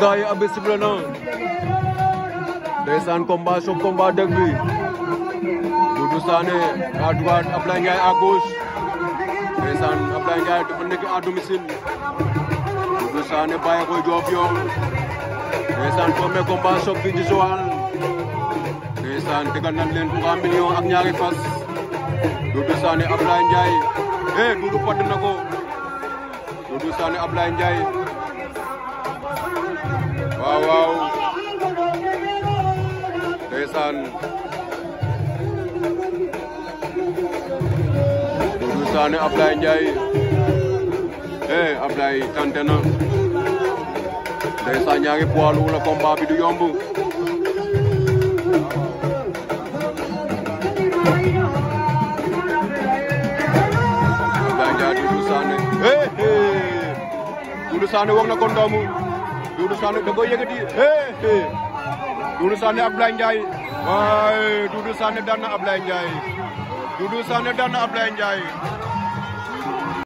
gaa yi abe sifflé na ndeysaan combat choc combat dëgg bi Doudou Sané à droite Ablaye Ndiaye à gauche ndeysaan Ablaye Ndiaye dafa nekk Joof Yoor ndeysaan premier combat choc bi ci Joal ndeysaan tegal nañ leen 3 ak ñaari fas Doudou Sané Ablaye Ndiaye eh, eh. eh Doudou fatt na ko Doudou Sané eh, Ablaye Ndiaye ndeysaan Doudou Sané Ablaye Ndiaye eh Ablaye tante na ndeysaan ñaari poids lourd la combat bi du yomb Ablaye Ndiaye Doudou Sané eh eh Doudou Sané wax na ko ndoomu Doudou Sané da koy yëkkati eh eh Doudou Sané Abdoulaye Ndiaye waaye Doudou Sané daan na Abdoulaye Ndiaye Doudou